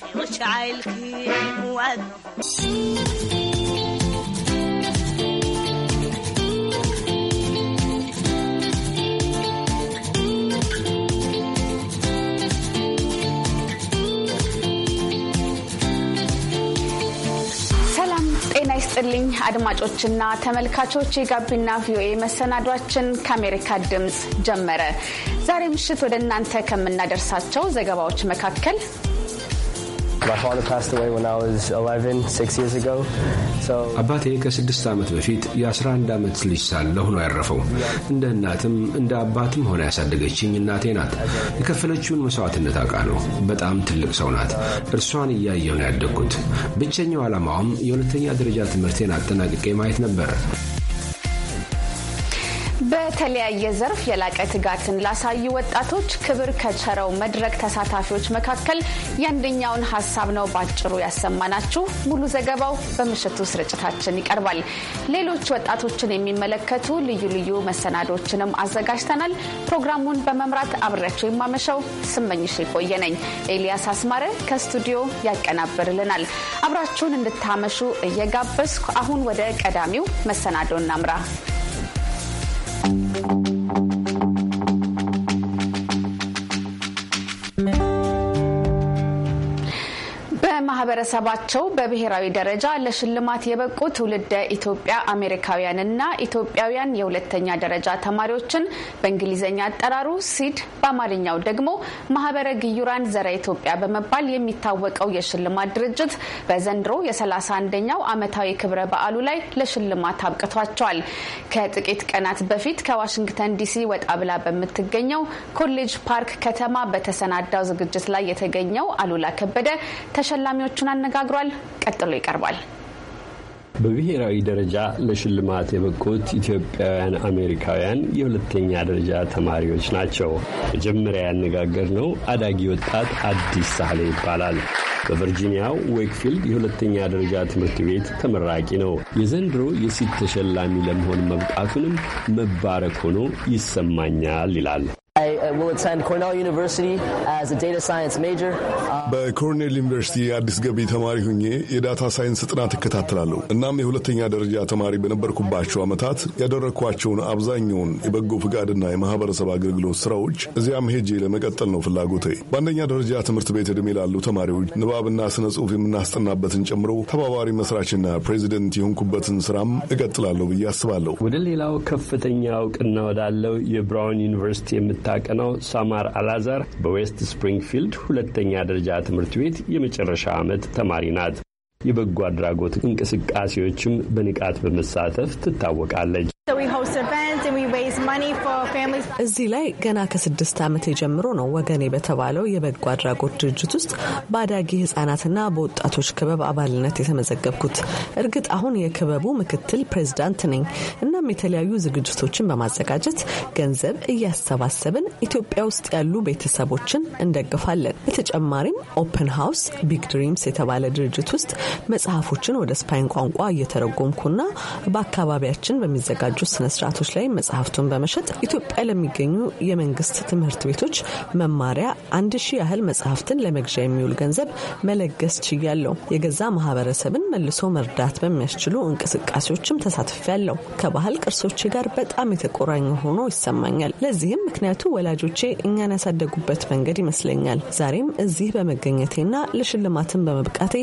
selfie ጤና ይስጥልኝ አድማጮችና ተመልካቾች፣ የጋቢና ቪኦኤ መሰናዷችን ከአሜሪካ ድምፅ ጀመረ። ዛሬ ምሽት ወደ እናንተ ከምናደርሳቸው ዘገባዎች መካከል አባቴ ከስድስት ዓመት በፊት የ11 ዓመት ልጅ ሳለሁ ነው ያረፈው። እንደ እናትም እንደ አባትም ሆነ ያሳደገችኝ እናቴ ናት። የከፈለችውን መስዋዕትነት አውቃ ነው። በጣም ትልቅ ሰው ናት። እርሷን እያየው ነው ያደግኩት። ብቸኛው ዓላማዋም የሁለተኛ ደረጃ ትምህርቴን አጠናቅቄ ማየት ነበር። በተለያየ ዘርፍ የላቀ ትጋትን ላሳዩ ወጣቶች ክብር ከቸረው መድረክ ተሳታፊዎች መካከል የአንደኛውን ሀሳብ ነው ባጭሩ ያሰማናችሁ። ሙሉ ዘገባው በምሽቱ ስርጭታችን ይቀርባል። ሌሎች ወጣቶችን የሚመለከቱ ልዩ ልዩ መሰናዶችንም አዘጋጅተናል። ፕሮግራሙን በመምራት አብሬያቸው የማመሸው ስመኝሽ የቆየ ነኝ። ኤልያስ አስማረ ከስቱዲዮ ያቀናብርልናል። አብራችሁን እንድታመሹ እየጋበዝኩ አሁን ወደ ቀዳሚው መሰናዶ እናምራ። ማህበረሰባቸው በብሔራዊ ደረጃ ለሽልማት የበቁ ትውልደ ኢትዮጵያ አሜሪካውያንና ኢትዮጵያውያን የሁለተኛ ደረጃ ተማሪዎችን በእንግሊዝኛ አጠራሩ ሲድ በአማርኛው ደግሞ ማህበረ ግዩራን ዘረ ኢትዮጵያ በመባል የሚታወቀው የሽልማት ድርጅት በዘንድሮ የ31ኛው ዓመታዊ ክብረ በዓሉ ላይ ለሽልማት አብቅቷቸዋል። ከጥቂት ቀናት በፊት ከዋሽንግተን ዲሲ ወጣ ብላ በምትገኘው ኮሌጅ ፓርክ ከተማ በተሰናዳው ዝግጅት ላይ የተገኘው አሉላ ከበደ ተሸላ ተሸላሚዎቹን አነጋግሯል። ቀጥሎ ይቀርባል። በብሔራዊ ደረጃ ለሽልማት የበቁት ኢትዮጵያውያን አሜሪካውያን የሁለተኛ ደረጃ ተማሪዎች ናቸው። መጀመሪያ ያነጋገር ነው አዳጊ ወጣት አዲስ ሳህሌ ይባላል። በቨርጂኒያው ዌክፊልድ የሁለተኛ ደረጃ ትምህርት ቤት ተመራቂ ነው። የዘንድሮ የሲት ተሸላሚ ለመሆን መብቃቱንም መባረክ ሆኖ ይሰማኛል ይላል። በኮርኔል ዩኒቨርሲቲ አዲስ ገቢ ተማሪ ሁኜ የዳታ ሳይንስ ጥናት እከታተላለሁ። እናም የሁለተኛ ደረጃ ተማሪ በነበርኩባቸው ዓመታት ያደረግኳቸውን አብዛኛውን የበጎ ፍቃድና የማህበረሰብ አገልግሎት ስራዎች እዚያም ሄጄ ለመቀጠል ነው ፍላጎቴ። በአንደኛ ደረጃ ትምህርት ቤት ዕድሜ ላሉ ተማሪዎች ንባብና ስነ ጽሁፍ የምናስጠናበትን ጨምሮ ተባባሪ መስራችና ፕሬዚደንት የሆንኩበትን ስራም እቀጥላለሁ ብዬ አስባለሁ። ወደ ሌላው ከፍተኛ እውቅና ወዳለው የብራውን ዩኒቨርሲቲ የምታቀነው የሆነው ሳማር አላዛር በዌስት ስፕሪንግፊልድ ሁለተኛ ደረጃ ትምህርት ቤት የመጨረሻ ዓመት ተማሪ ናት። የበጎ አድራጎት እንቅስቃሴዎችም በንቃት በመሳተፍ ትታወቃለች። እዚህ ላይ ገና ከስድስት ዓመት ጀምሮ ነው ወገኔ በተባለው የበጎ አድራጎት ድርጅት ውስጥ በአዳጊ ህጻናትና በወጣቶች ክበብ አባልነት የተመዘገብኩት። እርግጥ አሁን የክበቡ ምክትል ፕሬዚዳንት ነኝ። እናም የተለያዩ ዝግጅቶችን በማዘጋጀት ገንዘብ እያሰባሰብን ኢትዮጵያ ውስጥ ያሉ ቤተሰቦችን እንደግፋለን። በተጨማሪም ኦፕን ሃውስ ቢግ ድሪምስ የተባለ ድርጅት ውስጥ መጽሐፎችን ወደ ስፓይን ቋንቋ እየተረጎምኩና በአካባቢያችን በሚዘጋጁ ስነስርዓቶች ላይ መጽሐፍቱን በመሸጥ ኢትዮጵያ የሚገኙ የመንግስት ትምህርት ቤቶች መማሪያ አንድ ሺህ ያህል መጽሐፍትን ለመግዣ የሚውል ገንዘብ መለገስ ችያለው። የገዛ ማህበረሰብን መልሶ መርዳት በሚያስችሉ እንቅስቃሴዎችም ተሳትፌያለሁ። ከባህል ቅርሶች ጋር በጣም የተቆራኘ ሆኖ ይሰማኛል። ለዚህም ምክንያቱ ወላጆቼ እኛን ያሳደጉበት መንገድ ይመስለኛል። ዛሬም እዚህ በመገኘቴና ለሽልማትን በመብቃቴ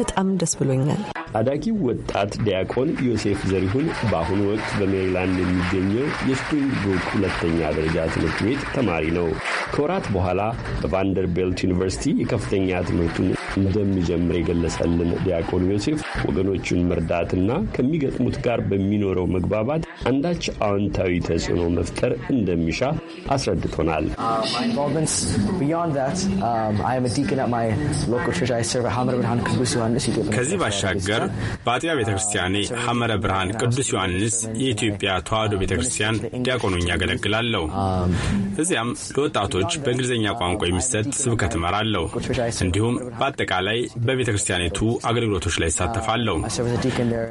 በጣም ደስ ብሎኛል። አዳጊው ወጣት ዲያቆን ዮሴፍ ዘሪሁን በአሁኑ ወቅት በሜሪላንድ የሚገኘው የስፕሪንግ ብሩክ ሁለተኛ ደረጃ ትምህርት ቤት ተማሪ ነው። ከወራት በኋላ በቫንደርቤልት ዩኒቨርሲቲ የከፍተኛ ትምህርቱን እንደሚጀምር የገለጸልን ዲያቆን ዮሴፍ ወገኖቹን መርዳትና ከሚገጥሙት ጋር በሚኖረው መግባባት አንዳች አዎንታዊ ተጽዕኖ መፍጠር እንደሚሻ አስረድቶናል። uh, um, ከዚህ ባሻገር በአጥቢያ ቤተ ክርስቲያኔ ሐመረ ብርሃን ቅዱስ ዮሐንስ የኢትዮጵያ ተዋሕዶ ቤተ ክርስቲያን ዲያቆኖኝ ያገለግላለሁ። እዚያም ለወጣቶች በእንግሊዝኛ ቋንቋ የሚሰጥ ስብከት እመራለሁ። እንዲሁም በአጠቃላይ በቤተ ክርስቲያኒቱ አገልግሎቶች ላይ ይሳተፋለሁ።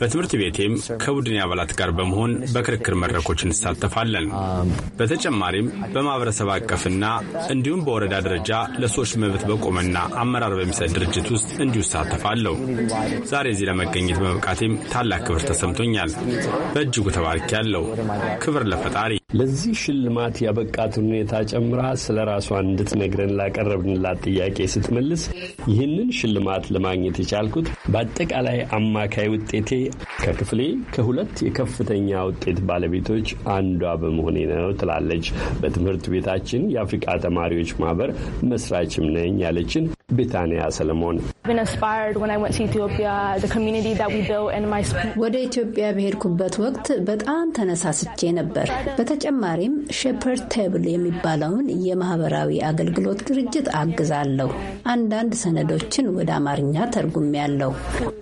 በትምህርት ቤቴም ከቡድን አባላት ጋር በመሆን በክርክር መድረኮች እንሳተፋለን። በተጨማሪም በማህበረሰብ አቀፍና እንዲሁም በወረዳ ደረጃ ለሰዎች መብት በቆመና አመራር በሚሰጥ ድርጅት ውስጥ እንዲሁ እሳተፋለሁ። ዛሬ እዚህ ለመገኘት በመብቃቴም ታላቅ ክብር ተሰምቶኛል። በእጅጉ ተባርኪ ያለው ክብር ለፈጣሪ ለዚህ ሽልማት ያበቃትን ሁኔታ ጨምራ ስለ ራሷ እንድትነግረን ላቀረብንላት ጥያቄ ስትመልስ ይህንን ሽልማት ለማግኘት የቻልኩት በአጠቃላይ አማካይ ውጤቴ ከክፍሌ ከሁለት የከፍተኛ ውጤት ባለቤቶች አንዷ በመሆኔ ነው ትላለች። በትምህርት ቤታችን የአፍሪቃ ተማሪዎች ማህበር መስራችም ነኝ ያለችን ቤታንያ ሰለሞን ወደ ኢትዮጵያ በሄድኩበት ወቅት በጣም ተነሳስቼ ነበር። በተጨማሪም ሼፐርድ ቴብል የሚባለውን የማህበራዊ አገልግሎት ድርጅት አግዛለሁ። አንዳንድ ሰነዶችን ወደ አማርኛ ተርጉሜያለሁ።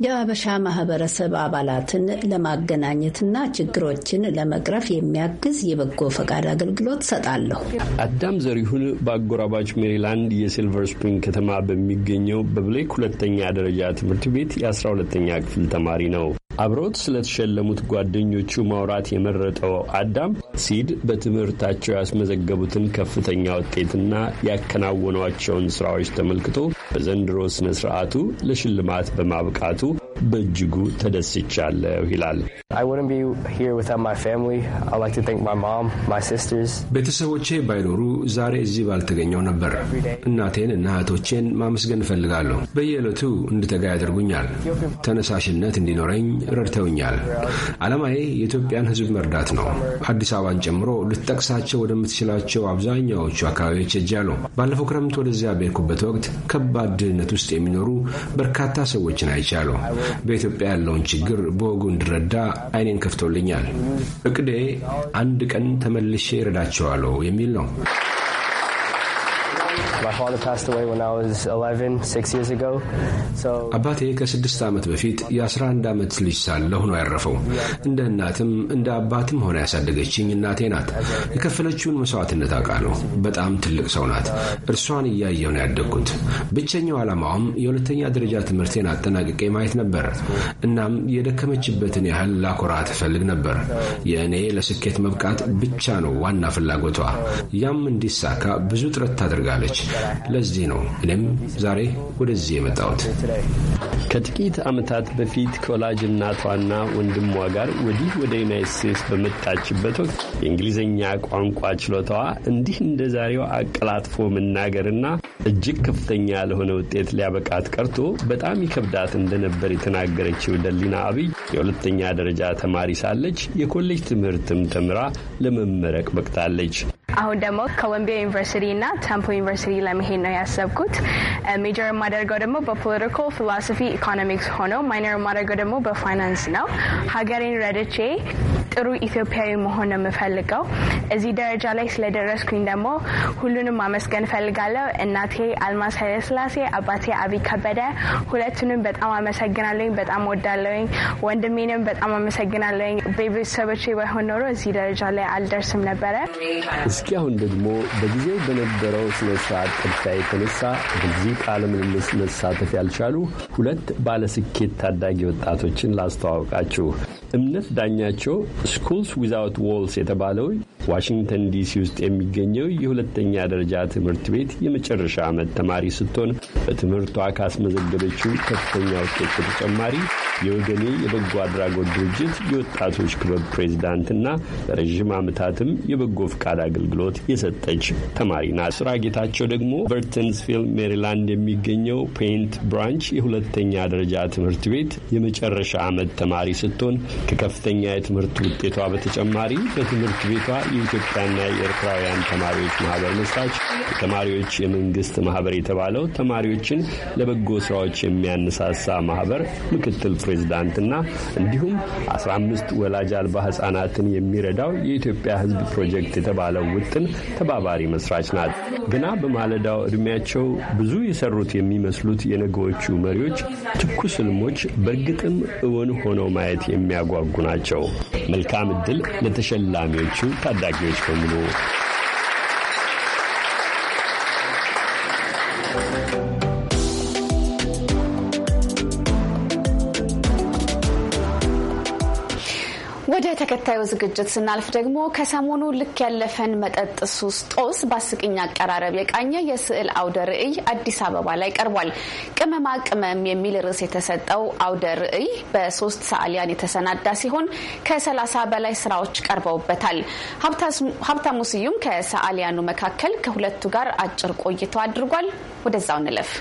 የአበሻ ማህበረሰብ አባላትን ለማገናኘትና ችግሮችን ለመቅረፍ የሚያግዝ የበጎ ፈቃድ አገልግሎት ሰጣለሁ። አዳም ዘሪሁን በአጎራባች ሜሪላንድ የሲልቨር ስፕሪንግ ከተማ በሚገኘው በብሌክ ሁለተኛ ደረጃ ትምህርት ቤት የ12ተኛ ክፍል ተማሪ ነው። አብረውት ስለተሸለሙት ጓደኞቹ ማውራት የመረጠው አዳም ሲድ በትምህርታቸው ያስመዘገቡትን ከፍተኛ ውጤትና ያከናወኗቸውን ስራዎች ተመልክቶ በዘንድሮ ስነ ስርዓቱ ለሽልማት በማብቃቱ በእጅጉ ተደስቻለሁ ይላል። ቤተሰቦቼ ባይኖሩ ዛሬ እዚህ ባልተገኘው ነበር። እናቴን እና እህቶቼን ማመስገን እፈልጋለሁ። በየዕለቱ እንድተጋ ያደርጉኛል፣ ተነሳሽነት እንዲኖረኝ ረድተውኛል። ዓላማዬ የኢትዮጵያን ሕዝብ መርዳት ነው። አዲስ አበባን ጨምሮ ልትጠቅሳቸው ወደምትችላቸው አብዛኛዎቹ አካባቢዎች ሄጃለሁ። ባለፈው ክረምት ወደዚያ በሄድኩበት ወቅት ከባድ ድህነት ውስጥ የሚኖሩ በርካታ ሰዎችን አይቻለሁ። በኢትዮጵያ ያለውን ችግር በወጉ እንድረዳ አይኔን ከፍቶልኛል። እቅዴ አንድ ቀን ተመልሼ እረዳቸዋለሁ የሚል ነው። አባቴ ከስድስት ዓመት በፊት የ11 ዓመት ልጅ ሳለ ሆኖ ያረፈው። እንደ እናትም እንደ አባትም ሆነ ያሳደገችኝ እናቴ ናት። የከፈለችውን መስዋዕትነት አውቃለሁ። በጣም ትልቅ ሰው ናት። እርሷን እያየው ነው ያደግኩት። ብቸኛው ዓላማውም የሁለተኛ ደረጃ ትምህርቴን አጠናቅቄ ማየት ነበር። እናም የደከመችበትን ያህል ላኮራ ትፈልግ ነበር። የእኔ ለስኬት መብቃት ብቻ ነው ዋና ፍላጎቷ። ያም እንዲሳካ ብዙ ጥረት ታደርጋለች። ለዚህ ነው እኔም ዛሬ ወደዚህ የመጣሁት። ከጥቂት ዓመታት በፊት ከወላጅ እናቷና ወንድሟ ጋር ወዲህ ወደ ዩናይት ስቴትስ በመጣችበት ወቅት የእንግሊዝኛ ቋንቋ ችሎታዋ እንዲህ እንደ ዛሬው አቀላጥፎ መናገርና እጅግ ከፍተኛ ለሆነ ውጤት ሊያበቃት ቀርቶ በጣም ይከብዳት እንደነበር የተናገረችው ደሊና አብይ የሁለተኛ ደረጃ ተማሪ ሳለች የኮሌጅ ትምህርትም ተምራ ለመመረቅ በቅታለች። አሁን ደግሞ ኮሎምቢያ ዩኒቨርሲቲ እና ተምፕል ዩኒቨርሲቲ ለመሄድ ነው ያሰብኩት። ሜጀር የማደርገው ደግሞ በፖለቲካል ፊሎሶፊ ኢኮኖሚክስ ሆነው ማይነር የማደርገው ደግሞ በፋይናንስ ነው። ሀገሬን ረድቼ ጥሩ ኢትዮጵያዊ መሆን ነው የምፈልገው። እዚህ ደረጃ ላይ ስለደረስኩኝ ደግሞ ሁሉንም ማመስገን ፈልጋለሁ። እናቴ አልማዝ ኃይለስላሴ፣ አባቴ አብይ ከበደ፣ ሁለቱንም በጣም አመሰግናለኝ። በጣም ወዳለኝ። ወንድሜንም በጣም አመሰግናለኝ። ቤተሰቦቼ ባይሆን ኖሮ እዚህ ደረጃ ላይ አልደርስም ነበረ። እስኪ አሁን ደግሞ በጊዜው በነበረው ስነ ስርዓት ቅርታ የተነሳ በዚህ ቃለ ምልልስ መሳተፍ ያልቻሉ ሁለት ባለስኬት ታዳጊ ወጣቶችን ላስተዋውቃችሁ። እምነት ዳኛቸው ስኩልስ ዊዛውት ዎልስ የተባለው ዋሽንግተን ዲሲ ውስጥ የሚገኘው የሁለተኛ ደረጃ ትምህርት ቤት የመጨረሻ ዓመት ተማሪ ስትሆን በትምህርቷ ካስመዘገበችው ከፍተኛ ውጤት በተጨማሪ የወገኔ የበጎ አድራጎት ድርጅት የወጣቶች ክበብ ፕሬዚዳንትና ለረዥም ዓመታትም የበጎ ፈቃድ አገልግሎት የሰጠች ተማሪ ናት። ስራ ጌታቸው ደግሞ በርተንስቪል ሜሪላንድ የሚገኘው ፔንት ብራንች የሁለተኛ ደረጃ ትምህርት ቤት የመጨረሻ ዓመት ተማሪ ስትሆን ከከፍተኛ የትምህርት ውጤቷ በተጨማሪ በትምህርት ቤቷ የኢትዮጵያና የኤርትራውያን ተማሪዎች ማህበር መስራች፣ ተማሪዎች የመንግስት ማህበር የተባለው ተማሪዎችን ለበጎ ስራዎች የሚያነሳሳ ማህበር ምክትል ፕሬዚዳንትና እንዲሁም 15 ወላጅ አልባ ህጻናትን የሚረዳው የኢትዮጵያ ህዝብ ፕሮጀክት የተባለው ውጥን ተባባሪ መስራች ናት። ገና በማለዳው እድሜያቸው ብዙ የሰሩት የሚመስሉት የነገዎቹ መሪዎች ትኩስ ህልሞች በእርግጥም እውን ሆነው ማየት የሚያጓጉ ናቸው። መልካም እድል ለተሸላሚዎቹ ታደ 那就全部。ተከታዩ ዝግጅት ስናልፍ ደግሞ ከሰሞኑ ልክ ያለፈን መጠጥ ሱስ ጦስ በአስቂኝ አቀራረብ የቃኘ የስዕል አውደ ርዕይ አዲስ አበባ ላይ ቀርቧል። ቅመማ ቅመም የሚል ርዕስ የተሰጠው አውደ ርዕይ በሶስት ሰዓሊያን የተሰናዳ ሲሆን ከሰላሳ በላይ ስራዎች ቀርበውበታል። ሀብታሙ ስዩም ከሰዓሊያኑ መካከል ከሁለቱ ጋር አጭር ቆይታ አድርጓል። ወደዛው እንለፍ።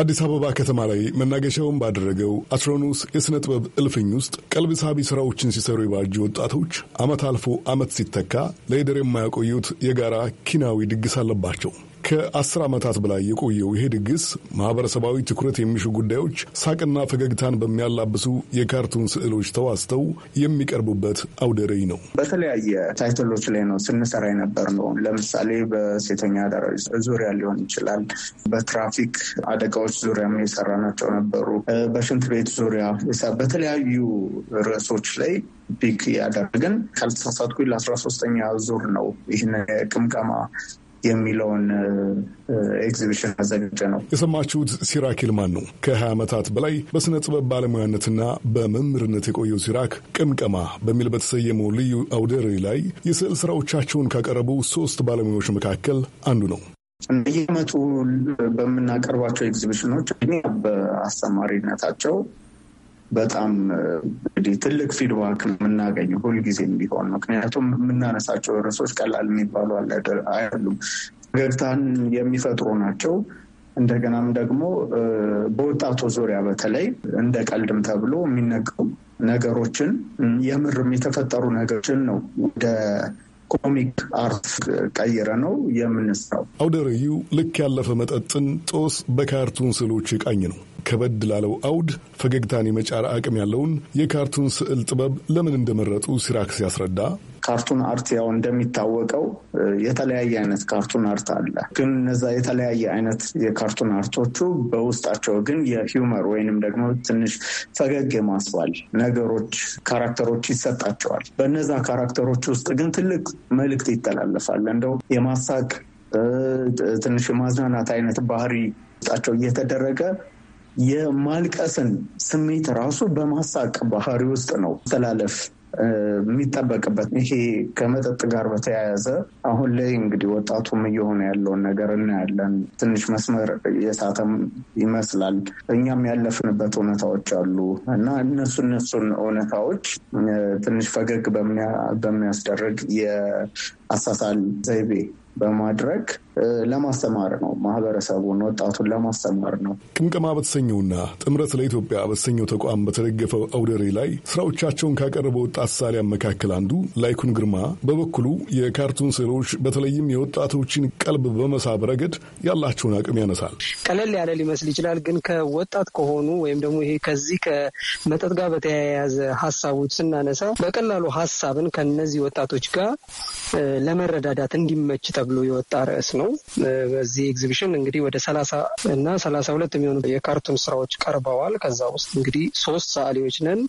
አዲስ አበባ ከተማ ላይ መናገሻውን ባደረገው አትሮኖስ የሥነ ጥበብ እልፍኝ ውስጥ ቀልብ ሳቢ ሥራዎችን ሲሰሩ የባጅ ወጣቶች ዓመት አልፎ ዓመት ሲተካ ለይደር የማያቆዩት የጋራ ኪናዊ ድግስ አለባቸው። ከአስር ዓመታት በላይ የቆየው ይሄ ድግስ ማህበረሰባዊ ትኩረት የሚሹ ጉዳዮች ሳቅና ፈገግታን በሚያላብሱ የካርቱን ስዕሎች ተዋዝተው የሚቀርቡበት አውደ ርዕይ ነው። በተለያየ ታይትሎች ላይ ነው ስንሰራ የነበር ነው። ለምሳሌ በሴተኛ አዳሪዎች ዙሪያ ሊሆን ይችላል። በትራፊክ አደጋዎች ዙሪያ የሰራናቸው ነበሩ። በሽንት ቤት ዙሪያ በተለያዩ ርዕሶች ላይ ፒክ ያደረግን ካልተሳሳትኩኝ ለአስራ ሶስተኛ ዙር ነው ይህን ቅምቀማ የሚለውን ኤግዚቢሽን አዘጋጀ ነው። የሰማችሁት ሲራክ ይልማን ነው። ከ20 ዓመታት በላይ በሥነ ጥበብ ባለሙያነትና በመምህርነት የቆየው ሲራክ ቅምቀማ በሚል በተሰየመው ልዩ አውደ ርዕይ ላይ የስዕል ስራዎቻቸውን ካቀረቡ ሶስት ባለሙያዎች መካከል አንዱ ነው። በየዓመቱ በምናቀርባቸው ኤግዚቢሽኖች በአስተማሪነታቸው በጣም እንግዲህ ትልቅ ፊድባክ የምናገኝ ሁልጊዜም ቢሆን ምክንያቱም የምናነሳቸው ርዕሶች ቀላል የሚባሉ አይደሉም። ፈገግታን የሚፈጥሩ ናቸው። እንደገናም ደግሞ በወጣቱ ዙሪያ በተለይ እንደ ቀልድም ተብሎ የሚነገሩ ነገሮችን የምርም የተፈጠሩ ነገሮችን ነው ወደ ኮሚክ አርት ቀይረ ነው የምንስራው። አውደ ርዕዩ ልክ ያለፈ መጠጥን ጦስ በካርቱን ስዕሎች የቃኝ ነው። ከበድ ላለው አውድ ፈገግታን የመጫር አቅም ያለውን የካርቱን ስዕል ጥበብ ለምን እንደመረጡ ሲራክስ ሲያስረዳ ካርቱን አርት ያው እንደሚታወቀው የተለያየ አይነት ካርቱን አርት አለ። ግን እነዛ የተለያየ አይነት የካርቱን አርቶቹ በውስጣቸው ግን የሂውመር ወይንም ደግሞ ትንሽ ፈገግ የማስባል ነገሮች፣ ካራክተሮች ይሰጣቸዋል። በነዛ ካራክተሮች ውስጥ ግን ትልቅ መልእክት ይተላለፋል። እንደው የማሳቅ ትንሽ የማዝናናት አይነት ባህሪ ውስጣቸው እየተደረገ የማልቀስን ስሜት ራሱ በማሳቅ ባህሪ ውስጥ ነው ተላለፍ የሚጠበቅበት ይሄ ከመጠጥ ጋር በተያያዘ አሁን ላይ እንግዲህ ወጣቱም እየሆነ ያለውን ነገር እናያለን። ትንሽ መስመር የሳተም ይመስላል። እኛም ያለፍንበት እውነታዎች አሉ እና እነሱ እነሱን እውነታዎች ትንሽ ፈገግ በሚያስደርግ የአሳሳል ዘይቤ በማድረግ ለማስተማር ነው። ማህበረሰቡን ወጣቱን ለማስተማር ነው። ቅምቀማ በተሰኘውና ጥምረት ለኢትዮጵያ በተሰኘው ተቋም በተደገፈው አውደሬ ላይ ስራዎቻቸውን ካቀረበ ወጣት ሳሊያን መካከል አንዱ ላይኩን ግርማ በበኩሉ የካርቱን ስዕሎች በተለይም የወጣቶችን ቀልብ በመሳብ ረገድ ያላቸውን አቅም ያነሳል። ቀለል ያለ ሊመስል ይችላል፣ ግን ከወጣት ከሆኑ ወይም ደግሞ ይሄ ከዚህ ከመጠጥ ጋር በተያያዘ ሀሳቦች ስናነሳ በቀላሉ ሀሳብን ከነዚህ ወጣቶች ጋር ለመረዳዳት እንዲመች ተብሎ የወጣ ርዕስ ነው። በዚህ ኤግዚቢሽን እንግዲህ ወደ ሰላሳ እና ሰላሳ ሁለት የሚሆኑ የካርቱን ስራዎች ቀርበዋል። ከዛ ውስጥ እንግዲህ ሶስት ሰዓሊዎች ነን።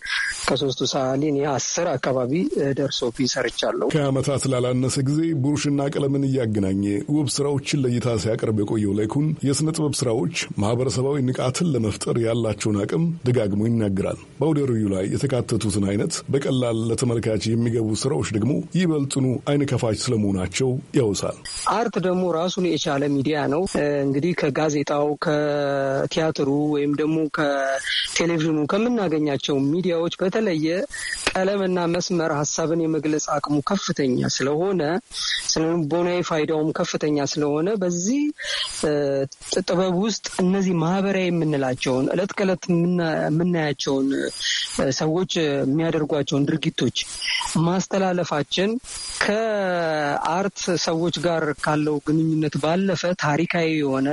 ከሶስቱ ሰዓሊ እኔ አስር አካባቢ ደርሶ ሰርቻለሁ። ከአመታት ላላነሰ ጊዜ ብሩሽና ቀለምን እያገናኘ ውብ ስራዎችን ለእይታ ሲያቀርብ የቆየው ላይኩን የስነ ጥበብ ስራዎች ማህበረሰባዊ ንቃትን ለመፍጠር ያላቸውን አቅም ደጋግሞ ይናገራል። በአውደ ላይ የተካተቱትን አይነት በቀላል ለተመልካች የሚገቡ ስራዎች ደግሞ ይበልጥኑ አይን ከፋች ስለመሆናቸው ያውሳል። አርት ደግሞ ራሱን የቻለ ሚዲያ ነው። እንግዲህ ከጋዜጣው ከቲያትሩ ወይም ደግሞ ከቴሌቪዥኑ ከምናገኛቸው ሚዲያዎች በተለየ ቀለምና መስመር ሀሳብን የመግለጽ አቅሙ ከፍተኛ ስለሆነ ስነልቦናዊ ፋይዳውም ከፍተኛ ስለሆነ በዚህ ጥበብ ውስጥ እነዚህ ማህበራዊ የምንላቸውን እለት ከእለት የምናያቸውን ሰዎች የሚያደርጓቸውን ድርጊቶች ማስተላለፋችን ከአርት ሰዎች ጋር ጋር ካለው ግንኙነት ባለፈ ታሪካዊ የሆነ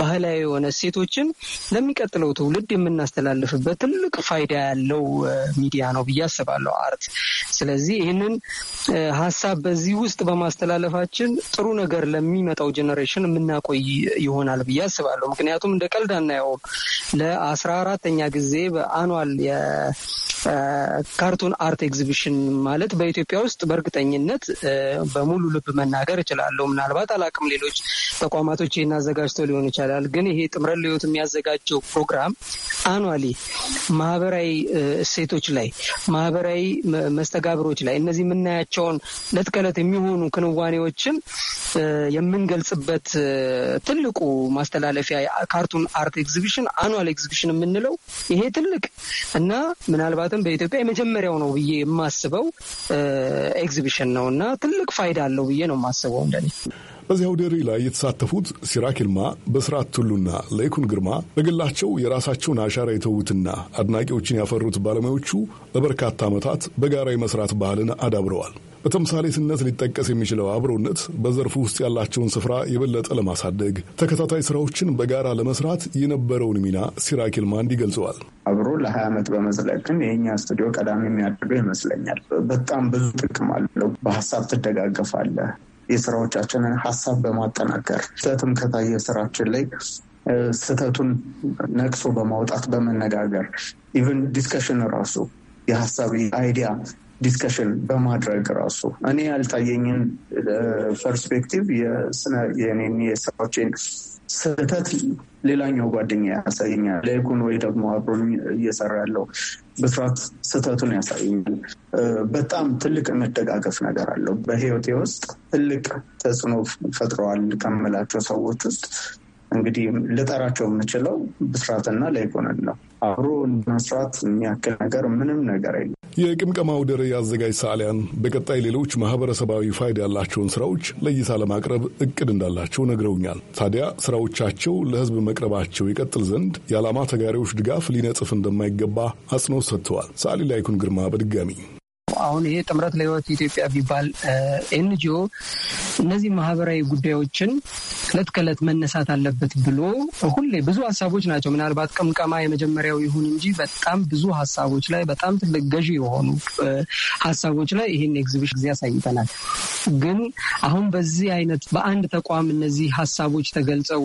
ባህላዊ የሆነ እሴቶችን ለሚቀጥለው ትውልድ የምናስተላልፍበት ትልቅ ፋይዳ ያለው ሚዲያ ነው ብዬ አስባለሁ አርት። ስለዚህ ይህንን ሀሳብ በዚህ ውስጥ በማስተላለፋችን ጥሩ ነገር ለሚመጣው ጀኔሬሽን የምናቆይ ይሆናል ብዬ አስባለሁ። ምክንያቱም እንደ ቀልድ አናየውም። ለአስራ አራተኛ ጊዜ በአኗል የካርቱን አርት ኤግዚቢሽን ማለት በኢትዮጵያ ውስጥ በእርግጠኝነት በሙሉ ልብ መናገር ይችላል አውቃለሁ። ምናልባት አላቅም፣ ሌሎች ተቋማቶች ይህን አዘጋጅቶ ሊሆን ይችላል። ግን ይሄ ጥምረት ለሕይወት የሚያዘጋጀው ፕሮግራም አኗሊ ማህበራዊ እሴቶች ላይ ማህበራዊ መስተጋብሮች ላይ እነዚህ የምናያቸውን ዕለት ከዕለት የሚሆኑ ክንዋኔዎችን የምንገልጽበት ትልቁ ማስተላለፊያ ካርቱን አርት ኤግዚቢሽን አኗል ኤግዚቢሽን የምንለው ይሄ ትልቅ እና ምናልባትም በኢትዮጵያ የመጀመሪያው ነው ብዬ የማስበው ኤግዚቢሽን ነው እና ትልቅ ፋይዳ አለው ብዬ ነው የማስበው እንደ በዚያው ደሪ ላይ የተሳተፉት ሲራክ ይልማ፣ በስርዓት ቱሉና ለይኩን ግርማ በግላቸው የራሳቸውን አሻራ የተዉትና አድናቂዎችን ያፈሩት ባለሙያዎቹ ለበርካታ ዓመታት በጋራ የመስራት ባህልን አዳብረዋል። በተምሳሌትነት ሊጠቀስ የሚችለው አብሮነት በዘርፉ ውስጥ ያላቸውን ስፍራ የበለጠ ለማሳደግ ተከታታይ ስራዎችን በጋራ ለመስራት የነበረውን ሚና ሲራኪልማ እንዲገልጸዋል። እንዲህ ገልጸዋል። አብሮ ለሀያ ዓመት በመዝለቅ ግን ስቱዲዮ ቀዳሚ የሚያደርገው ይመስለኛል። በጣም ብዙ ጥቅም አለው። በሀሳብ ትደጋገፋለህ። የስራዎቻችንን ሀሳብ በማጠናከር ስህተትም ከታየ ስራችን ላይ ስህተቱን ነቅሶ በማውጣት በመነጋገር ኢቨን ዲስከሽን ራሱ የሀሳብ አይዲያ ዲስከሽን በማድረግ ራሱ እኔ ያልታየኝን ፐርስፔክቲቭ የኔን የስራዎቼን ስህተት ሌላኛው ጓደኛ ያሳየኛል። ላይኩን ወይ ደግሞ አብሮኝ እየሰራ ያለው ብስራት ስህተቱን ያሳየኛል። በጣም ትልቅ መደጋገፍ ነገር አለው። በህይወቴ ውስጥ ትልቅ ተጽዕኖ ፈጥረዋል ከምላቸው ሰዎች ውስጥ እንግዲህ ልጠራቸው የምችለው ብስራትና ላይኩንን ነው። አብሮ ለመስራት የሚያክል ነገር ምንም ነገር የለም። የቅምቀማ ውደር አዘጋጅ ሰዓሊያን በቀጣይ ሌሎች ማህበረሰባዊ ፋይዳ ያላቸውን ስራዎች ለእይታ ለማቅረብ እቅድ እንዳላቸው ነግረውኛል። ታዲያ ስራዎቻቸው ለህዝብ መቅረባቸው ይቀጥል ዘንድ የዓላማ ተጋሪዎች ድጋፍ ሊነጽፍ እንደማይገባ አጽንኦት ሰጥተዋል። ሰዓሊ ላይኩን ግርማ በድጋሚ አሁን ይሄ ጥምረት ለህይወት ኢትዮጵያ ቢባል ኤንጂኦ እነዚህ ማህበራዊ ጉዳዮችን እለት ከእለት መነሳት አለበት ብሎ ሁሌ ብዙ ሀሳቦች ናቸው። ምናልባት ቅምቀማ የመጀመሪያው ይሁን እንጂ በጣም ብዙ ሀሳቦች ላይ በጣም ትልቅ ገዢ የሆኑ ሀሳቦች ላይ ይህን ኤግዚቢሽን ጊዜ አሳይተናል። ግን አሁን በዚህ አይነት በአንድ ተቋም እነዚህ ሀሳቦች ተገልጸው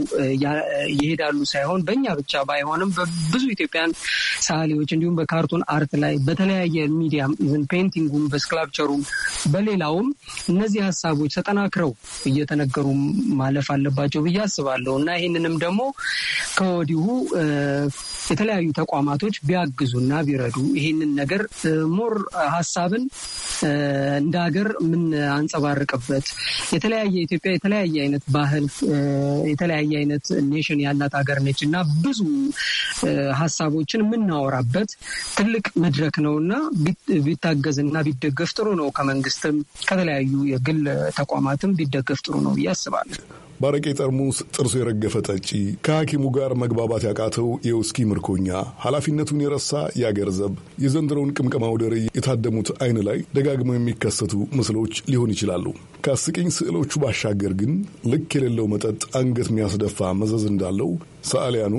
ይሄዳሉ ሳይሆን በእኛ ብቻ ባይሆንም በብዙ ኢትዮጵያን ሰዓሊዎች እንዲሁም በካርቱን አርት ላይ በተለያየ ሚዲያም ኢቨን ፔንቲንጉም በስክላፕቸሩም በሌላውም እነዚህ ሀሳቦች ተጠናክረው እየተነገሩ ማለፍ አለባቸው ብዬ አስባለሁ እና ይህንንም ደግሞ ከወዲሁ የተለያዩ ተቋማቶች ቢያግዙና ቢረዱ ይህንን ነገር ሞር ሀሳብን እንደ ሀገር ምን አንጸባ የሚንጸባረቅበት የተለያየ ኢትዮጵያ የተለያየ አይነት ባህል የተለያየ አይነት ኔሽን ያላት ሀገር ነች እና ብዙ ሀሳቦችን የምናወራበት ትልቅ መድረክ ነው እና ቢታገዝ እና ቢደገፍ ጥሩ ነው። ከመንግስትም ከተለያዩ የግል ተቋማትም ቢደገፍ ጥሩ ነው ብዬ አስባለሁ። ባረቄ ጠርሙስ ጥርሱ የረገፈ ጠጪ፣ ከሐኪሙ ጋር መግባባት ያቃተው የውስኪ ምርኮኛ፣ ኃላፊነቱን የረሳ የአገር ዘብ የዘንድሮውን ቅምቀማ ውደር የታደሙት አይን ላይ ደጋግመው የሚከሰቱ ምስሎች ሊሆን ይችላሉ። ከአስቂኝ ስዕሎቹ ባሻገር ግን ልክ የሌለው መጠጥ አንገት የሚያስደፋ መዘዝ እንዳለው ሰዓሊያኑ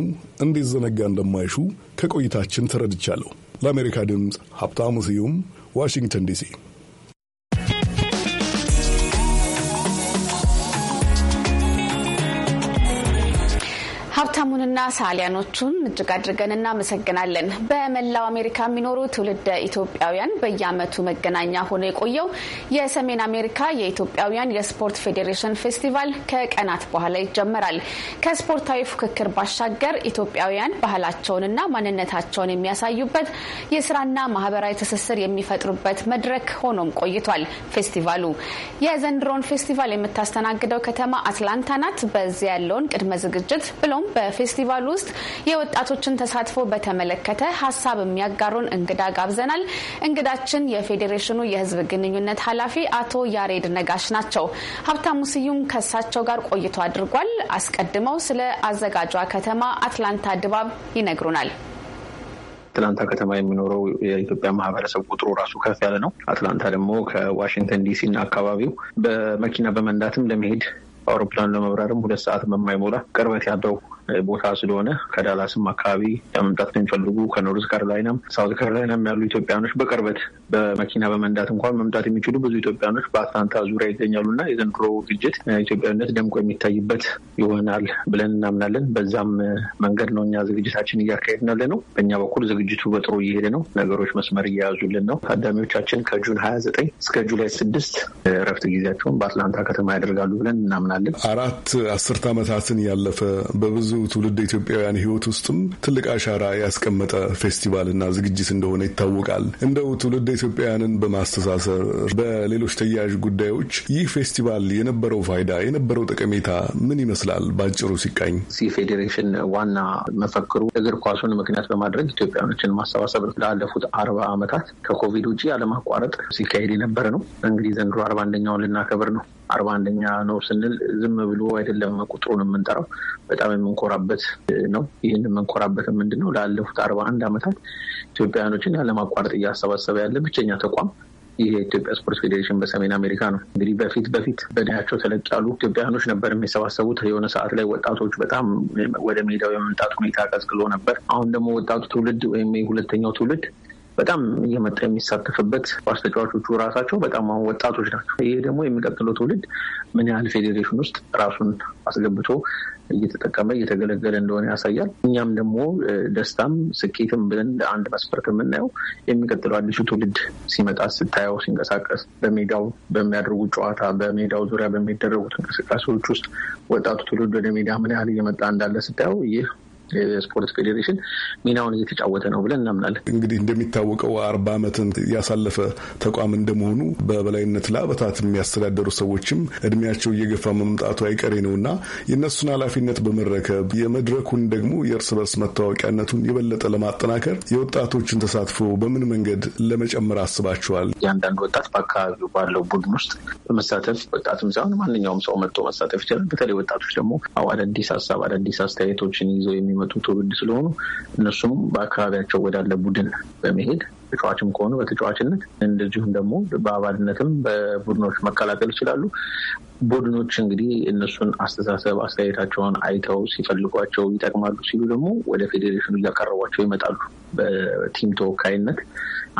እንዴት ዘነጋ እንደማይሹ ከቆይታችን ተረድቻለሁ። ለአሜሪካ ድምፅ ሀብታሙ ስዩም ዋሽንግተን ዲሲ ጸሐፊውንና ሰዓሊያኖቹን እጅግ አድርገን እናመሰግናለን። በመላው አሜሪካ የሚኖሩ ትውልደ ኢትዮጵያውያን በየዓመቱ መገናኛ ሆኖ የቆየው የሰሜን አሜሪካ የኢትዮጵያውያን የስፖርት ፌዴሬሽን ፌስቲቫል ከቀናት በኋላ ይጀመራል። ከስፖርታዊ ፉክክር ባሻገር ኢትዮጵያውያን ባህላቸውንና ማንነታቸውን የሚያሳዩበት የስራና ማህበራዊ ትስስር የሚፈጥሩበት መድረክ ሆኖም ቆይቷል። ፌስቲቫሉ የዘንድሮን ፌስቲቫል የምታስተናግደው ከተማ አትላንታ ናት። በዚያ ያለውን ቅድመ ዝግጅት ብሎም በፌስ ፌስቲቫል ውስጥ የወጣቶችን ተሳትፎ በተመለከተ ሀሳብ የሚያጋሩን እንግዳ ጋብዘናል። እንግዳችን የፌዴሬሽኑ የህዝብ ግንኙነት ኃላፊ አቶ ያሬድ ነጋሽ ናቸው። ሀብታሙ ስዩም ከሳቸው ጋር ቆይቶ አድርጓል። አስቀድመው ስለ አዘጋጇ ከተማ አትላንታ ድባብ ይነግሩናል። አትላንታ ከተማ የሚኖረው የኢትዮጵያ ማህበረሰብ ቁጥሩ ራሱ ከፍ ያለ ነው። አትላንታ ደግሞ ከዋሽንግተን ዲሲ እና አካባቢው በመኪና በመንዳትም ለመሄድ አውሮፕላን ለመብራርም ሁለት ሰዓት በማይሞላ ቅርበት ያለው ቦታ ስለሆነ ከዳላስም አካባቢ ለመምጣት የሚፈልጉ ከኖርዝ ካሮላይናም ሳውዝ ካሮላይናም ያሉ ኢትዮጵያኖች በቅርበት በመኪና በመንዳት እንኳን መምጣት የሚችሉ ብዙ ኢትዮጵያኖች በአትላንታ ዙሪያ ይገኛሉ እና የዘንድሮ ዝግጅት ኢትዮጵያዊነት ደምቆ የሚታይበት ይሆናል ብለን እናምናለን። በዛም መንገድ ነው እኛ ዝግጅታችን እያካሄድን ያለ ነው። በእኛ በኩል ዝግጅቱ በጥሩ እየሄደ ነው። ነገሮች መስመር እየያዙልን ነው። ታዳሚዎቻችን ከጁን ሀያ ዘጠኝ እስከ ጁላይ ስድስት እረፍት ጊዜያቸውን በአትላንታ ከተማ ያደርጋሉ ብለን እናምናለን። አራት አስርት ዓመታትን ያለፈ በብዙ ትውልድ ኢትዮጵያውያን ህይወት ውስጥም ትልቅ አሻራ ያስቀመጠ ፌስቲቫልና ዝግጅት እንደሆነ ይታወቃል። እንደው ትውልድ ኢትዮጵያውያንን በማስተሳሰር በሌሎች ተያያዥ ጉዳዮች ይህ ፌስቲቫል የነበረው ፋይዳ የነበረው ጠቀሜታ ምን ይመስላል? በአጭሩ ሲቃኝ ሲ ፌዴሬሽን ዋና መፈክሩ እግር ኳሱን ምክንያት በማድረግ ኢትዮጵያኖችን ማሰባሰብ ላለፉት አርባ ዓመታት ከኮቪድ ውጭ ያለማቋረጥ ሲካሄድ የነበረ ነው። እንግዲህ ዘንድሮ አርባ አንደኛውን ልናከብር ነው። አርባ አንደኛ ነው ስንል ዝም ብሎ አይደለም ቁጥሩን የምንጠራው፣ በጣም የምንኮራበት ነው። ይህን የምንኮራበት ምንድን ነው? ላለፉት አርባ አንድ ዓመታት ኢትዮጵያውያኖችን ያለማቋረጥ እያሰባሰበ ያለ ብቸኛ ተቋም ይህ የኢትዮጵያ ስፖርት ፌዴሬሽን በሰሜን አሜሪካ ነው። እንግዲህ በፊት በፊት በዳያቸው ተለቅ ያሉ ኢትዮጵያውያኖች ነበር የሚሰባሰቡት። የሆነ ሰዓት ላይ ወጣቶች በጣም ወደ ሜዳው የመምጣት ሁኔታ ቀዝቅሎ ነበር። አሁን ደግሞ ወጣቱ ትውልድ ወይም የሁለተኛው ትውልድ በጣም እየመጣ የሚሳተፍበት ኳስ ተጫዋቾቹ ራሳቸው በጣም አሁን ወጣቶች ናቸው። ይህ ደግሞ የሚቀጥለው ትውልድ ምን ያህል ፌዴሬሽን ውስጥ ራሱን አስገብቶ እየተጠቀመ እየተገለገለ እንደሆነ ያሳያል። እኛም ደግሞ ደስታም ስኬትም ብለን ለአንድ መስፈርት የምናየው የሚቀጥለው አዲሱ ትውልድ ሲመጣ ስታየው ሲንቀሳቀስ በሜዳው በሚያደርጉት ጨዋታ በሜዳው ዙሪያ በሚደረጉት እንቅስቃሴዎች ውስጥ ወጣቱ ትውልድ ወደ ሜዳ ምን ያህል እየመጣ እንዳለ ስታየው ይህ ስፖርት ፌዴሬሽን ሚናውን እየተጫወተ ነው ብለን እናምናለን። እንግዲህ እንደሚታወቀው አርባ ዓመትን ያሳለፈ ተቋም እንደመሆኑ በበላይነት ላበታት የሚያስተዳደሩ ሰዎችም እድሜያቸው እየገፋ መምጣቱ አይቀሬ ነው እና የእነሱን ኃላፊነት በመረከብ የመድረኩን ደግሞ የእርስ በርስ መታወቂያነቱን የበለጠ ለማጠናከር የወጣቶችን ተሳትፎ በምን መንገድ ለመጨመር አስባችኋል? እያንዳንድ ወጣት በአካባቢው ባለው ቡድን ውስጥ በመሳተፍ ወጣትም ሳይሆን ማንኛውም ሰው መጥቶ መሳተፍ ይችላል። በተለይ ወጣቶች ደግሞ አዳዲስ ሀሳብ አዳዲስ አስተያየቶችን ይዘው የሚመ የሚመጡ ትውልድ ስለሆኑ እነሱም በአካባቢያቸው ወዳለ ቡድን በመሄድ ተጫዋችም ከሆኑ በተጫዋችነት እንደዚሁም ደግሞ በአባልነትም በቡድኖች መቀላቀል ይችላሉ። ቡድኖች እንግዲህ እነሱን አስተሳሰብ አስተያየታቸውን አይተው ሲፈልጓቸው ይጠቅማሉ ሲሉ ደግሞ ወደ ፌዴሬሽኑ እያቀረቧቸው ይመጣሉ። በቲም ተወካይነት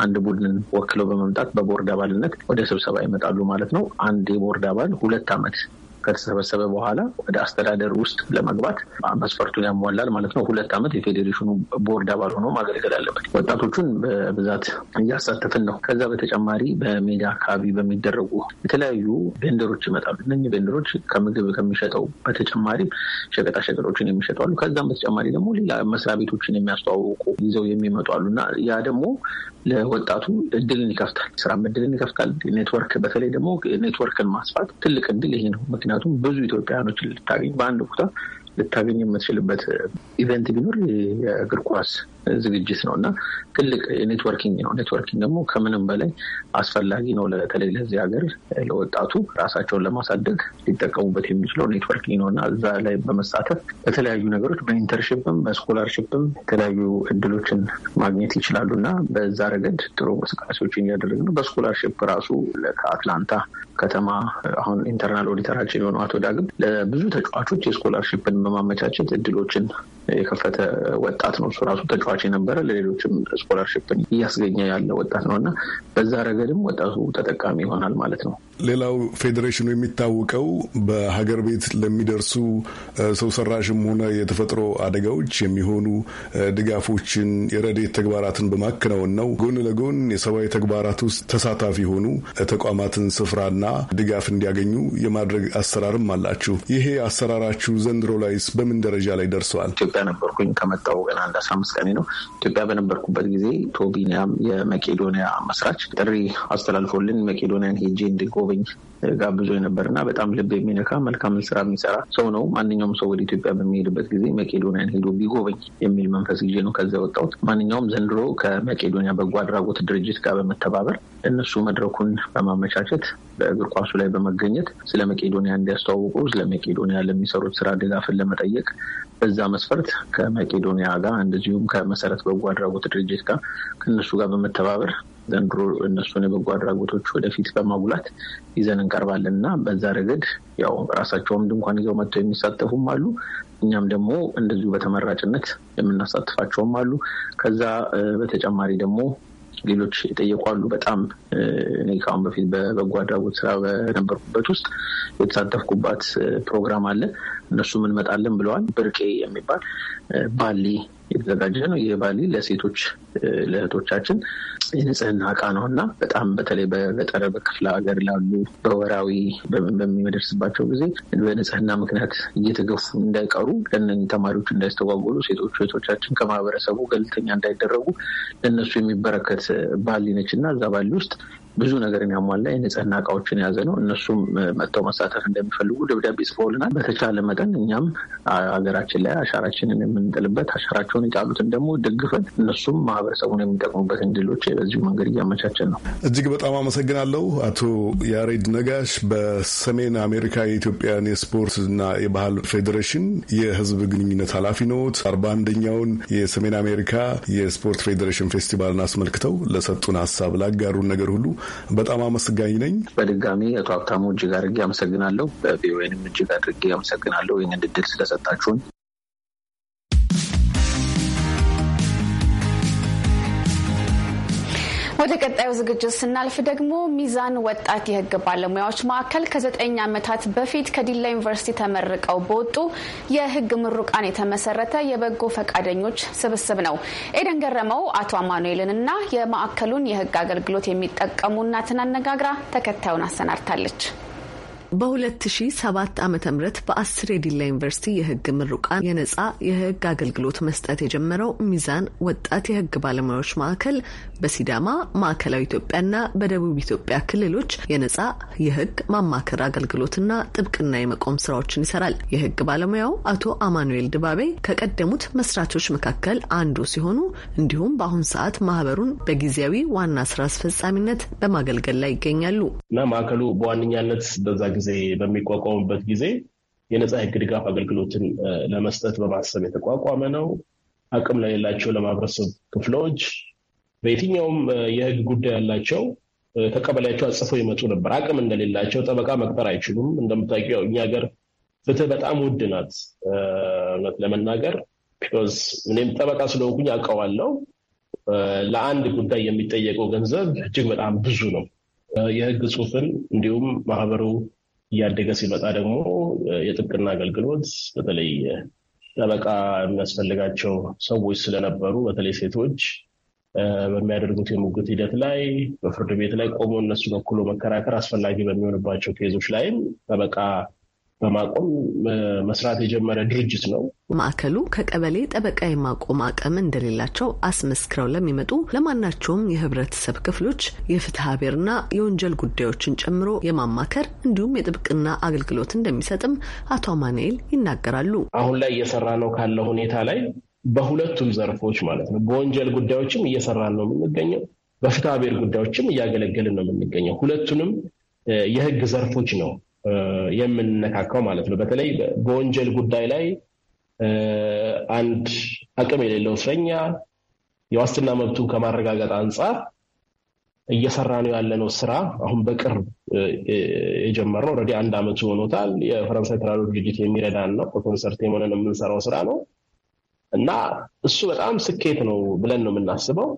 አንድ ቡድንን ወክለው በመምጣት በቦርድ አባልነት ወደ ስብሰባ ይመጣሉ ማለት ነው። አንድ የቦርድ አባል ሁለት ዓመት ከተሰበሰበ በኋላ ወደ አስተዳደር ውስጥ ለመግባት መስፈርቱን ያሟላል ማለት ነው። ሁለት ዓመት የፌዴሬሽኑ ቦርድ አባል ሆኖ ማገልገል አለበት። ወጣቶቹን በብዛት እያሳተፍን ነው። ከዛ በተጨማሪ በሜዳ አካባቢ በሚደረጉ የተለያዩ ቬንደሮች ይመጣሉ። እነኚህ ቬንደሮች ከምግብ ከሚሸጠው በተጨማሪም ሸቀጣሸቀጦችን የሚሸጡ አሉ። ከዛም በተጨማሪ ደግሞ ሌላ መስሪያ ቤቶችን የሚያስተዋውቁ ይዘው የሚመጡ አሉ እና ያ ደግሞ ለወጣቱ እድልን ይከፍታል፣ ስራም እድልን ይከፍታል። ኔትወርክ በተለይ ደግሞ ኔትወርክን ማስፋት ትልቅ እድል ይሄ ነው። ምክንያቱም ብዙ ኢትዮጵያውያኖችን ልታገኝ በአንድ ቦታ ልታገኝ የምትችልበት ኢቨንት ቢኖር የእግር ኳስ ዝግጅት ነው እና ትልቅ ኔትወርኪንግ ነው። ኔትወርኪንግ ደግሞ ከምንም በላይ አስፈላጊ ነው። በተለይ ለዚህ ሀገር ለወጣቱ ራሳቸውን ለማሳደግ ሊጠቀሙበት የሚችለው ኔትወርኪንግ ነው እና እዛ ላይ በመሳተፍ በተለያዩ ነገሮች በኢንተርንሽፕም በስኮላርሽፕም የተለያዩ እድሎችን ማግኘት ይችላሉ እና በዛ ረገድ ጥሩ እንቅስቃሴዎችን እያደረግ ነው። በስኮላርሽፕ ራሱ ከአትላንታ ከተማ አሁን ኢንተርናል ኦዲተራችን የሆነው አቶ ዳግም ለብዙ ተጫዋቾች የስኮላርሽፕን በማመቻቸት እድሎችን የከፈተ ወጣት ነው። እሱ ራሱ ተጫዋች የነበረ ለሌሎችም ስኮላርሽፕን እያስገኘ ያለ ወጣት ነው እና በዛ ረገድም ወጣቱ ተጠቃሚ ይሆናል ማለት ነው። ሌላው ፌዴሬሽኑ የሚታወቀው በሀገር ቤት ለሚደርሱ ሰው ሰራሽም ሆነ የተፈጥሮ አደጋዎች የሚሆኑ ድጋፎችን፣ የረዴት ተግባራትን በማከናወን ነው። ጎን ለጎን የሰብአዊ ተግባራት ውስጥ ተሳታፊ የሆኑ ተቋማትን ስፍራና ድጋፍ እንዲያገኙ የማድረግ አሰራርም አላችሁ። ይሄ አሰራራችሁ ዘንድሮ ላይስ በምን ደረጃ ላይ ደርሰዋል? ኢትዮጵያ ነበርኩኝ። ከመጣው ገና አንድ አስራ አምስት ቀኔ ነው። ኢትዮጵያ በነበርኩበት ጊዜ ቶቢኒያም የመቄዶኒያ መስራች ጥሪ አስተላልፎልን መቄዶኒያን ሄጄ እንዲጎበኝ ጋብዞ ነበር እና በጣም ልብ የሚነካ መልካምን ስራ የሚሰራ ሰው ነው። ማንኛውም ሰው ወደ ኢትዮጵያ በሚሄድበት ጊዜ መቄዶኒያን ሄዶ ቢጎበኝ የሚል መንፈስ ጊዜ ነው ከዚያ ወጣሁት። ማንኛውም ዘንድሮ ከመቄዶኒያ በጎ አድራጎት ድርጅት ጋር በመተባበር እነሱ መድረኩን በማመቻቸት በእግር ኳሱ ላይ በመገኘት ስለ መቄዶኒያ እንዲያስተዋውቁ፣ ስለ መቄዶኒያ ለሚሰሩት ስራ ድጋፍን ለመጠየቅ በዛ መስፈርት ከመቄዶኒያ ጋር እንደዚሁም ከመሰረት በጎ አድራጎት ድርጅት ጋር ከእነሱ ጋር በመተባበር ዘንድሮ እነሱን የበጎ አድራጎቶች ወደፊት በማጉላት ይዘን እንቀርባለን እና በዛ ረገድ ያው ራሳቸውም ድንኳን ይዘው መጥተው የሚሳተፉም አሉ። እኛም ደግሞ እንደዚሁ በተመራጭነት የምናሳትፋቸውም አሉ። ከዛ በተጨማሪ ደግሞ ሌሎች የጠየቋሉ። አሉ። በጣም እኔ ከአሁን በፊት በበጎ አድራጎት ስራ በነበርኩበት ውስጥ የተሳተፍኩባት ፕሮግራም አለ። እነሱም እንመጣለን ብለዋል። ብርቄ የሚባል ባሌ የተዘጋጀ ነው። ይህ ባሊ ለሴቶች ለእህቶቻችን የንጽህና እቃ ነው እና በጣም በተለይ በገጠረ በክፍለ ሀገር ላሉ በወራዊ በሚደርስባቸው ጊዜ በንጽህና ምክንያት እየተገፉ እንዳይቀሩ ለነ ተማሪዎች እንዳይስተጓጎሉ ሴቶች እህቶቻችን ከማህበረሰቡ ገለልተኛ እንዳይደረጉ ለእነሱ የሚበረከት ባሊ ነች እና እዛ ባሊ ውስጥ ብዙ ነገርን ያሟላ የንጽህና እቃዎችን የያዘ ነው። እነሱም መጥተው መሳተፍ እንደሚፈልጉ ደብዳቤ ጽፈውልናል። በተቻለ መጠን እኛም ሀገራችን ላይ አሻራችንን የምንጥልበት አሻራቸውን የጫሉትን ደግሞ ደግፈን እነሱም ማህበረሰቡን የሚጠቅሙበትን ድሎች በዚሁ መንገድ እያመቻቸን ነው። እጅግ በጣም አመሰግናለሁ። አቶ ያሬድ ነጋሽ በሰሜን አሜሪካ የኢትዮጵያን የስፖርትና የባህል ፌዴሬሽን የህዝብ ግንኙነት ኃላፊ ኖት። አርባ አንደኛውን የሰሜን አሜሪካ የስፖርት ፌዴሬሽን ፌስቲቫልን አስመልክተው ለሰጡን ሀሳብ ላጋሩን ነገር ሁሉ በጣም አመስጋኝ ነኝ። በድጋሚ አቶ ሀብታሙ እጅግ አድርጌ አመሰግናለሁ። በቪኦኤንም እጅግ አድርጌ አመሰግናለሁ ይህን እድል ስለሰጣችሁን። ወደ ቀጣዩ ዝግጅት ስናልፍ ደግሞ ሚዛን ወጣት የህግ ባለሙያዎች ማዕከል ከዘጠኝ ዓመታት በፊት ከዲላ ዩኒቨርሲቲ ተመርቀው በወጡ የህግ ምሩቃን የተመሰረተ የበጎ ፈቃደኞች ስብስብ ነው። ኤደን ገረመው አቶ አማኑኤልንና የማዕከሉን የህግ አገልግሎት የሚጠቀሙ እናትን አነጋግራ ተከታዩን አሰናድታለች። በ2007 ዓ ም በአስር ዩኒቨርሲቲ የህግ ምሩቃን የነጻ የህግ አገልግሎት መስጠት የጀመረው ሚዛን ወጣት የህግ ባለሙያዎች ማዕከል በሲዳማ ማዕከላዊ ኢትዮጵያና በደቡብ ኢትዮጵያ ክልሎች የነጻ የህግ ማማከር አገልግሎትና ጥብቅና የመቆም ስራዎችን ይሰራል። የህግ ባለሙያው አቶ አማኑኤል ድባቤ ከቀደሙት መስራቾች መካከል አንዱ ሲሆኑ እንዲሁም በአሁን ሰዓት ማህበሩን በጊዜያዊ ዋና ስራ አስፈጻሚነት በማገልገል ላይ ይገኛሉ እና ማዕከሉ በዋነኛነት በዛ ጊዜ ጊዜ በሚቋቋሙበት ጊዜ የነፃ ህግ ድጋፍ አገልግሎትን ለመስጠት በማሰብ የተቋቋመ ነው። አቅም ለሌላቸው ለማህበረሰብ ክፍሎች በየትኛውም የህግ ጉዳይ ያላቸው ተቀበላቸው አጽፈው ይመጡ ነበር። አቅም እንደሌላቸው ጠበቃ መቅጠር አይችሉም። እንደምታውቂው እኛ ሀገር ፍትህ በጣም ውድ ናት። እውነት ለመናገር ቢኮዝ እኔም ጠበቃ ስለሆንኩኝ አውቀዋለሁ። ለአንድ ጉዳይ የሚጠየቀው ገንዘብ እጅግ በጣም ብዙ ነው። የህግ ጽሁፍን እንዲሁም ማህበሩ እያደገ ሲመጣ ደግሞ የጥብቅና አገልግሎት በተለይ ጠበቃ የሚያስፈልጋቸው ሰዎች ስለነበሩ በተለይ ሴቶች በሚያደርጉት የሙግት ሂደት ላይ በፍርድ ቤት ላይ ቆሞ እነሱ በኩሎ መከራከር አስፈላጊ በሚሆንባቸው ኬዞች ላይም ጠበቃ በማቆም መስራት የጀመረ ድርጅት ነው። ማዕከሉ ከቀበሌ ጠበቃ የማቆም አቅም እንደሌላቸው አስመስክረው ለሚመጡ ለማናቸውም የህብረተሰብ ክፍሎች የፍትሐ ብሔርና የወንጀል ጉዳዮችን ጨምሮ የማማከር እንዲሁም የጥብቅና አገልግሎት እንደሚሰጥም አቶ አማኑኤል ይናገራሉ። አሁን ላይ እየሰራ ነው ካለው ሁኔታ ላይ በሁለቱም ዘርፎች ማለት ነው። በወንጀል ጉዳዮችም እየሰራን ነው የምንገኘው፣ በፍትሐ ብሔር ጉዳዮችም እያገለገልን ነው የምንገኘው። ሁለቱንም የህግ ዘርፎች ነው የምንነካካው ማለት ነው። በተለይ በወንጀል ጉዳይ ላይ አንድ አቅም የሌለው እስረኛ የዋስትና መብቱን ከማረጋገጥ አንጻር እየሰራ ነው ያለነው ስራ አሁን በቅርብ የጀመርነው ኦልሬዲ አንድ አመቱ ሆኖታል። የፈረንሳይ ተራድኦ ድርጅት የሚረዳን ነው። በኮንሰር ቲም የምንሰራው ስራ ነው እና እሱ በጣም ስኬት ነው ብለን ነው የምናስበው።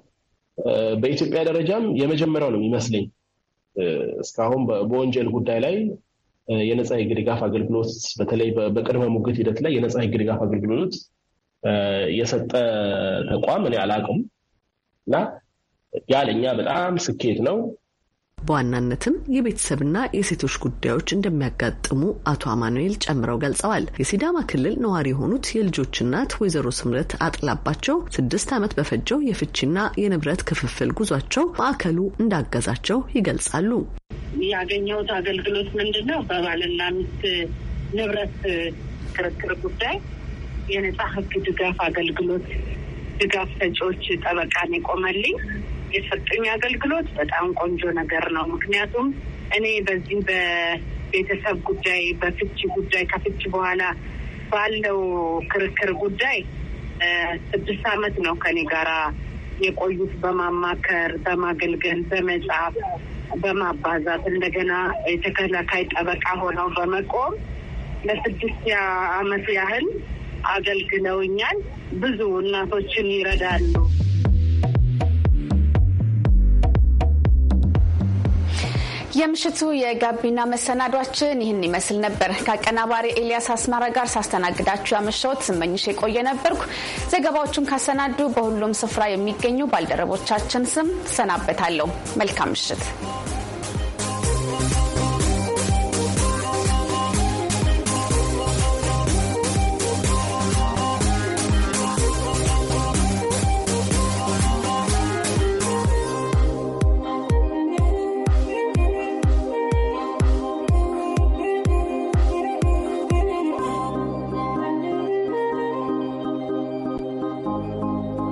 በኢትዮጵያ ደረጃም የመጀመሪያው ነው የሚመስለኝ እስካሁን በወንጀል ጉዳይ ላይ የነፃ የህግ ድጋፍ አገልግሎት በተለይ በቅድመ ሙግት ሂደት ላይ የነፃ የህግ ድጋፍ አገልግሎት የሰጠ ተቋም እኔ አላውቅም እና ያ ለእኛ በጣም ስኬት ነው። በዋናነትም የቤተሰብና የሴቶች ጉዳዮች እንደሚያጋጥሙ አቶ አማኑኤል ጨምረው ገልጸዋል። የሲዳማ ክልል ነዋሪ የሆኑት የልጆች እናት ወይዘሮ ስምረት አጥላባቸው ስድስት ዓመት በፈጀው የፍቺና የንብረት ክፍፍል ጉዟቸው ማዕከሉ እንዳገዛቸው ይገልጻሉ። ያገኘሁት አገልግሎት ምንድን ነው? በባልና ሚስት ንብረት ክርክር ጉዳይ የነጻ ህግ ድጋፍ አገልግሎት ድጋፍ ሰጪዎች ጠበቃን የቆመልኝ የሰጡኝ አገልግሎት በጣም ቆንጆ ነገር ነው። ምክንያቱም እኔ በዚህ በቤተሰብ ጉዳይ፣ በፍቺ ጉዳይ ከፍቺ በኋላ ባለው ክርክር ጉዳይ ስድስት አመት ነው ከኔ ጋራ የቆዩት በማማከር፣ በማገልገል፣ በመጻፍ፣ በማባዛት እንደገና የተከላካይ ጠበቃ ሆነው በመቆም ለስድስት አመት ያህል አገልግለውኛል። ብዙ እናቶችን ይረዳሉ። የምሽቱ የጋቢና መሰናዷችን ይህን ይመስል ነበር። ከአቀናባሪ ኤልያስ አስማራ ጋር ሳስተናግዳችሁ ያመሻውት ስመኝሽ የቆየ ነበርኩ። ዘገባዎቹን ካሰናዱ በሁሉም ስፍራ የሚገኙ ባልደረቦቻችን ስም ሰናበታለሁ። መልካም ምሽት።